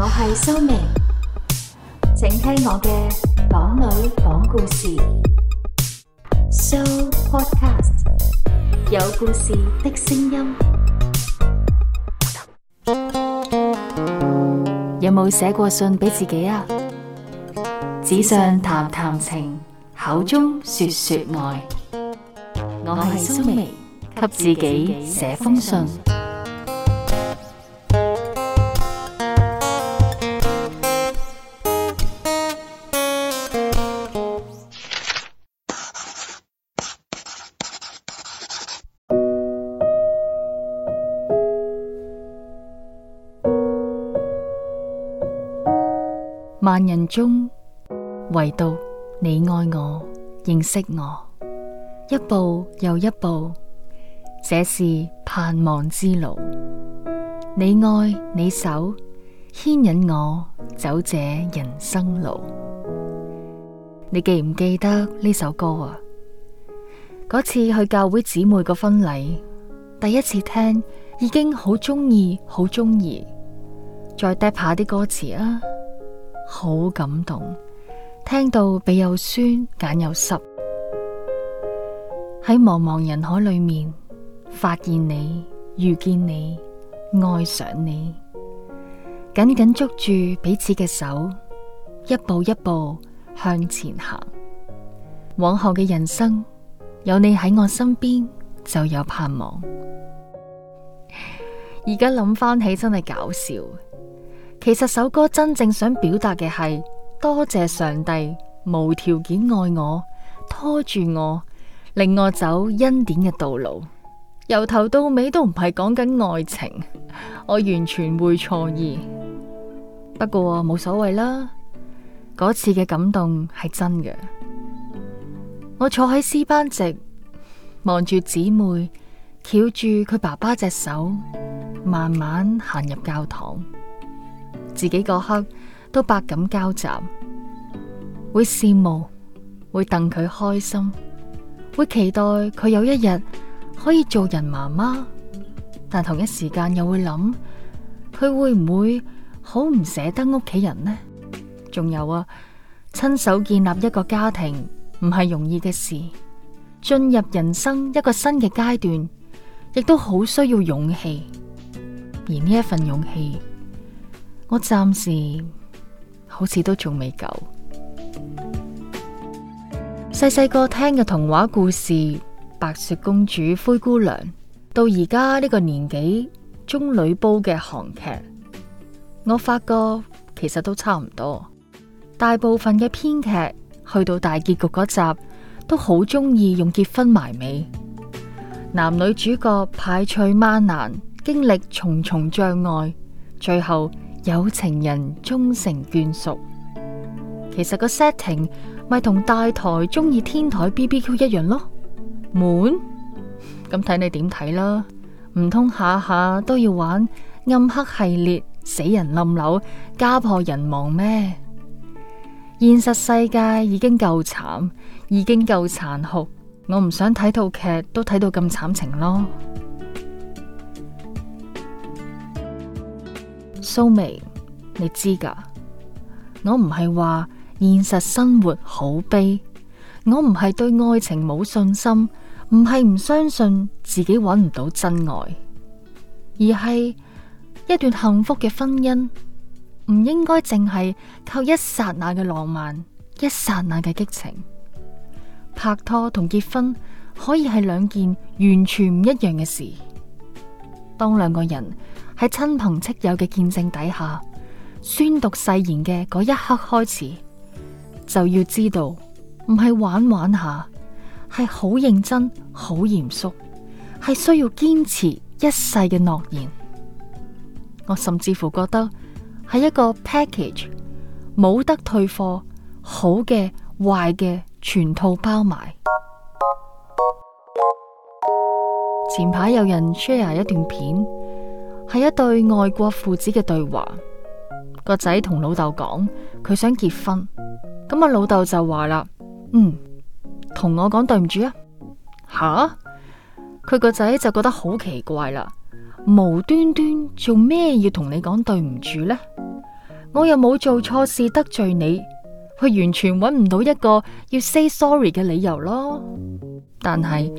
我係蘇明，請聽我嘅港女講故事，蘇 Podcast 有故事的聲音。有冇寫過信俾自己啊？紙上談談情，口中說說愛。我係蘇明，給自己寫封信。人中，唯獨你愛我，認識我，一步又一步，這是盼望之路。你愛你手，牽引我走這人生路。你記唔記得呢首歌啊？嗰次去教會姊妹個婚禮，第一次聽已經好中意，好中意。再 drop 下啲歌詞啊！好感動，聽到鼻又酸眼又濕，喺茫茫人海裏面發現你、遇見你、愛上你，緊緊捉住彼此嘅手，一步一步向前行。往後嘅人生有你喺我身邊，就有盼望。而家諗翻起真係搞笑。其實首歌真正想表達嘅係多謝上帝無條件愛我，拖住我，令我走恩典嘅道路。由頭到尾都唔係講緊愛情，我完全會錯意。不過冇所謂啦，嗰次嘅感動係真嘅。我坐喺詩班席，望住姊妹，翹住佢爸爸隻手，慢慢行入教堂。自己個刻都百感交集，會羨慕，會戥佢開心，會期待佢有一日可以做人媽媽，但同一時間又會諗佢會唔會好唔捨得屋企人呢？仲有啊，親手建立一個家庭唔係容易嘅事，進入人生一個新嘅階段，亦都好需要勇氣，而呢一份勇氣。我暫時好似都仲未夠，細細個聽嘅童話故事《白雪公主》《灰姑娘》，到而家呢個年紀中女煲嘅韓劇，我發覺其實都差唔多。大部分嘅編劇去到大結局嗰集，都好中意用結婚埋尾，男女主角排除萬難，經歷重重障礙，最後，有情人終成眷屬，其實個 setting 咪同大台中意天台 BBQ 一樣咯，滿咁睇，你點睇啦？唔通下下都要玩暗黑系列、死人冧樓、家破人亡咩？現實世界已經夠慘，已經夠殘酷，我唔想睇套劇都睇到咁慘情咯。蘇眉，so、maybe，你知噶知㗎？我唔係話現實生活好悲，我唔係對愛情冇信心，唔係唔相信自己搵唔到真愛，而係一段幸福嘅婚姻唔應該淨係靠一剎那嘅浪漫，一剎那嘅激情。拍拖同結婚可以係兩件完全唔一樣嘅事。當兩個人，喺親朋戚友嘅見證底下宣讀誓言嘅嗰一刻開始，就要知道唔係玩玩下，係好認真、好嚴肅，係需要堅持一世嘅諾言。我甚至乎覺得係一個 package，冇得退貨，好嘅、壞嘅全套包埋。前排有人 share 一段片。係一對外國父子嘅對話，個仔同老豆講佢想結婚，咁啊老豆就話啦：嗯，同我講對唔住啊！吓，佢個仔就覺得好奇怪啦，無端端做咩要同你講對唔住呢？我又冇做錯事得罪你，佢完全揾唔到一個要 say sorry 嘅理由咯。但係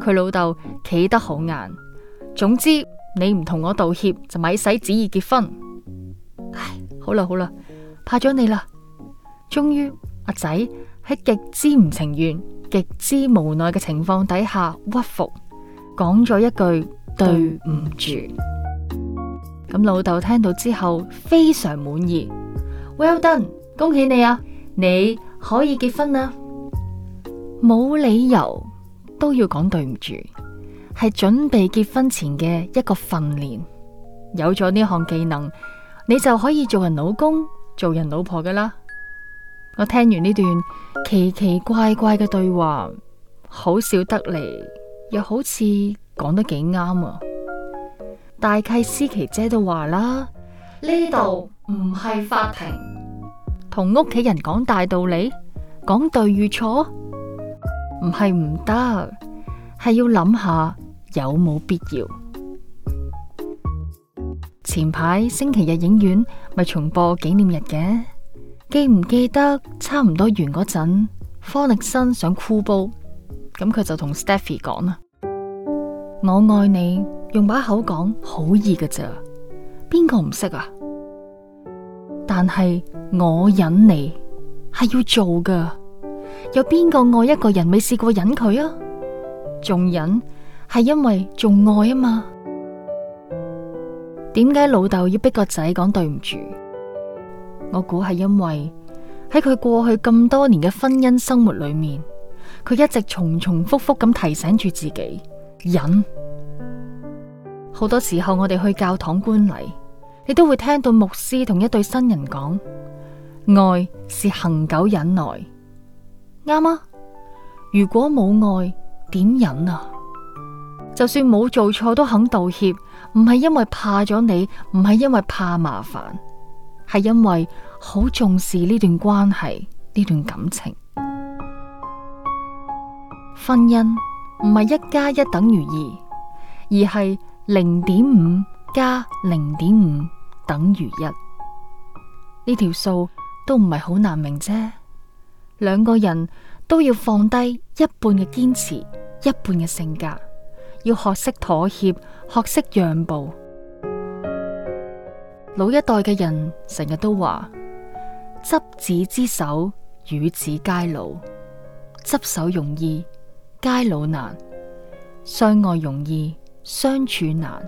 佢老豆企得好硬，總之。你唔同我道歉就咪使旨意結婚。唉，好啦好啦，怕咗你啦。終於阿仔喺極之唔情願、極之無奈嘅情況底下屈服，講咗一句對唔住。咁老豆聽到之後非常滿意，Well done，恭喜你啊！你可以結婚啦，冇理由都要講對唔住。係準備結婚前嘅一個訓練，有咗呢項技能，你就可以做人老公、做人老婆噶啦。我聽完呢段奇奇怪怪嘅對話，好笑得嚟，又好似講得幾啱啊！大契思琪姐都話啦，呢度唔係法庭，同屋企人講大道理、講對與錯，唔係唔得，係要諗下。有冇必要？前排星期日影院咪重播紀念日嘅？記唔記得差唔多完嗰陣，方力申想箍煲，咁佢就同 Stephy 講啦： 我愛你，用把口講好易噶咋，邊個唔識啊？但係我忍你係要做噶，有邊個愛一個人未試過忍佢啊？仲忍？係因為仲愛啊嘛？點解老豆要逼個仔講對唔住？我估係因為喺佢過去咁多年嘅婚姻生活裏面，佢一直重重複複咁提醒住自己忍。好多時候我哋去教堂觀禮，你都會聽到牧師同一對新人講：愛是恆久忍耐，啱啊。如果冇愛，點忍啊？就算冇做錯都肯道歉，唔係因為怕咗你，唔係因為怕麻煩，係因為好重視呢段關係呢段感情。 婚姻唔係一加一等於二，2，而係零點五加零點五等於一。呢條數都唔係好難明啫。兩個人都要放低一半嘅堅持，一半嘅性格。要學識妥協，學識讓步。老一代嘅人成日都話：執子之手，與子偕老。執手容易，偕老難；相愛容易，相處難。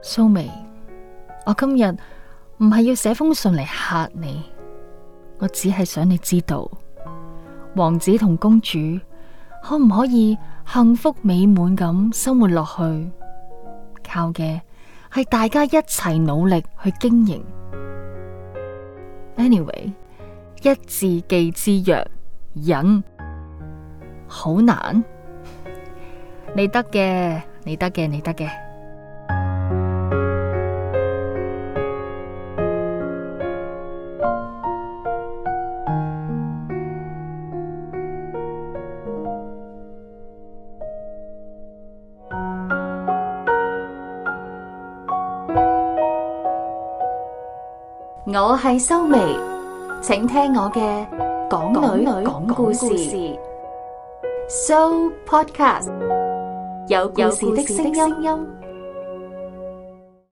蘇眉，我今日唔係要寫封信嚟嚇你，我只係想你知道，王子同公主可唔可以幸福美滿咁生活落去，靠嘅係大家一齊努力去經營。Anyway，一字記之曰忍，好難。你得嘅，你得嘅，你得嘅。我係修眉，請聽我嘅港女港故事，So Podcast 有故事的聲音。